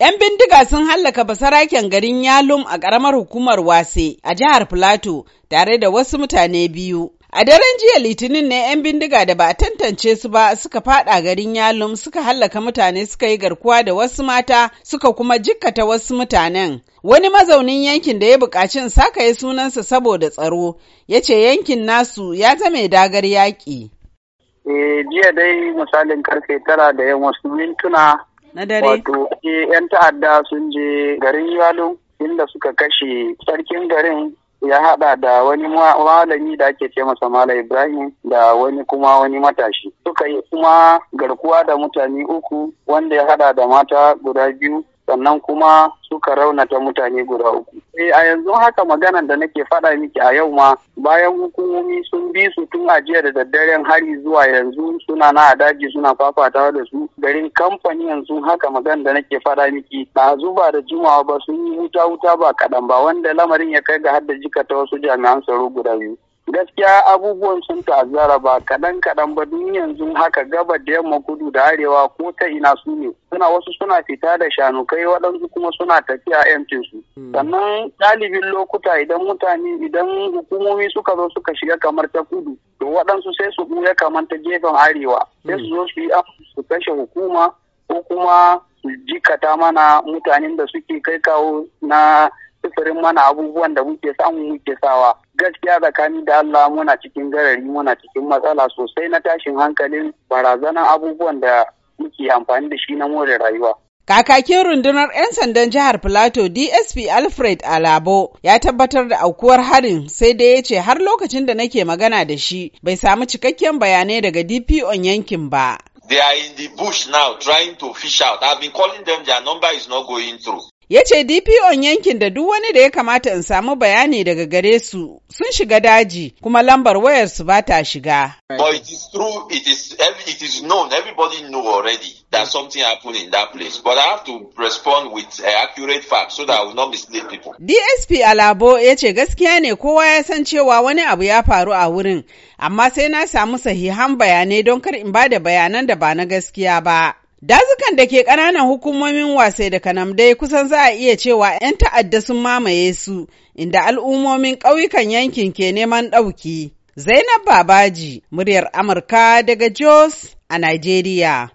'Yan bindiga sun hallaka basaraken garin Yalum a ƙaramar hukumar Wase a jihar Filato tare da wasu mutane biyu. A daren jiya Litinin ne 'yan bindiga da ba a tantance su ba suka fada garin Yalum suka hallaka mutane suka yi garkuwa da wasu mata suka kuma jikkata wasu mutanen. Wani mazaunin yankin da ya buƙaci ya sunansa saboda tsaro ya ce yankin nasu ya zame dagar yaƙi. Eh jiya dai misalin karfe tara da yan wasu mintuna na dare wato eh, yan ta'adda sun je garin yalo inda suka kashe sarkin garin ya haɗa da wani malami da ake ce masa mala ibrahim da wani kuma wani matashi suka yi kuma garkuwa da mutane uku wanda ya haɗa da mata guda biyu sannan kuma suka raunata mutane guda uku Eh a yanzu haka maganan da nake faɗa miki a yau ma bayan hukumomi sun bi su tun a da daddaren hari zuwa yanzu suna na a daji suna fafatawa da su garin kamfani yanzu haka maganan da nake faɗa miki ba zuba da jimawa ba sun yi wuta wuta ba kaɗan ba wanda lamarin ya kai ga har da jikata wasu jami'an tsaro guda biyu. gaskiya abubuwan sun ta'azzara ba kaɗan kaɗan ba don yanzu haka gaba da yamma gudu da arewa ko ta ina su ne suna wasu suna fita da shanukai waɗansu kuma suna tafiya yancin su hmm. sannan ɗalibin lokuta idan mutane idan hukumomi suka zo suka shiga kamar ta kudu to waɗansu sai su ɓuya kamar ta gefen arewa sai su zo su yi su kashe hukuma ko kuma su jikata mana mutanen da suke kai kawo na sufurin mana abubuwan da muke samu muke sawa gaskiya tsakani da Allah muna cikin garari muna cikin matsala sosai na tashin hankalin barazanan abubuwan da muke amfani da shi na more rayuwa. Kakakin rundunar 'yan sandan jihar Filato DSP Alfred Alabo ya tabbatar da aukuwar harin sai dai ya ce har lokacin da nake magana da shi bai samu cikakken bayanai daga DPO yankin ba. They are in the bush now trying to fish out. I've been calling them, their number is not going through. ya ce dpo'n yankin da duk wani da ya kamata in samu bayani daga gare su sun shiga daji kuma lambar wayar su ba ta shiga but it is true it is it is known everybody know already that something happened in that place but i have to respond with uh, accurate facts dsp alabo ya ce gaskiya ne kowa ya san cewa wani abu ya faru a wurin amma sai na samu sahihan bayanai don kar in ba da bayanan da ba na gaskiya ba Dazukan da ke ƙananan hukumomin wasai da kanamdai kusan za a iya cewa 'yan ta'adda sun mamaye su inda al'ummomin ƙauyukan yankin ke neman ɗauki. Zainab Babaji, muryar Amurka daga Jos a Najeriya.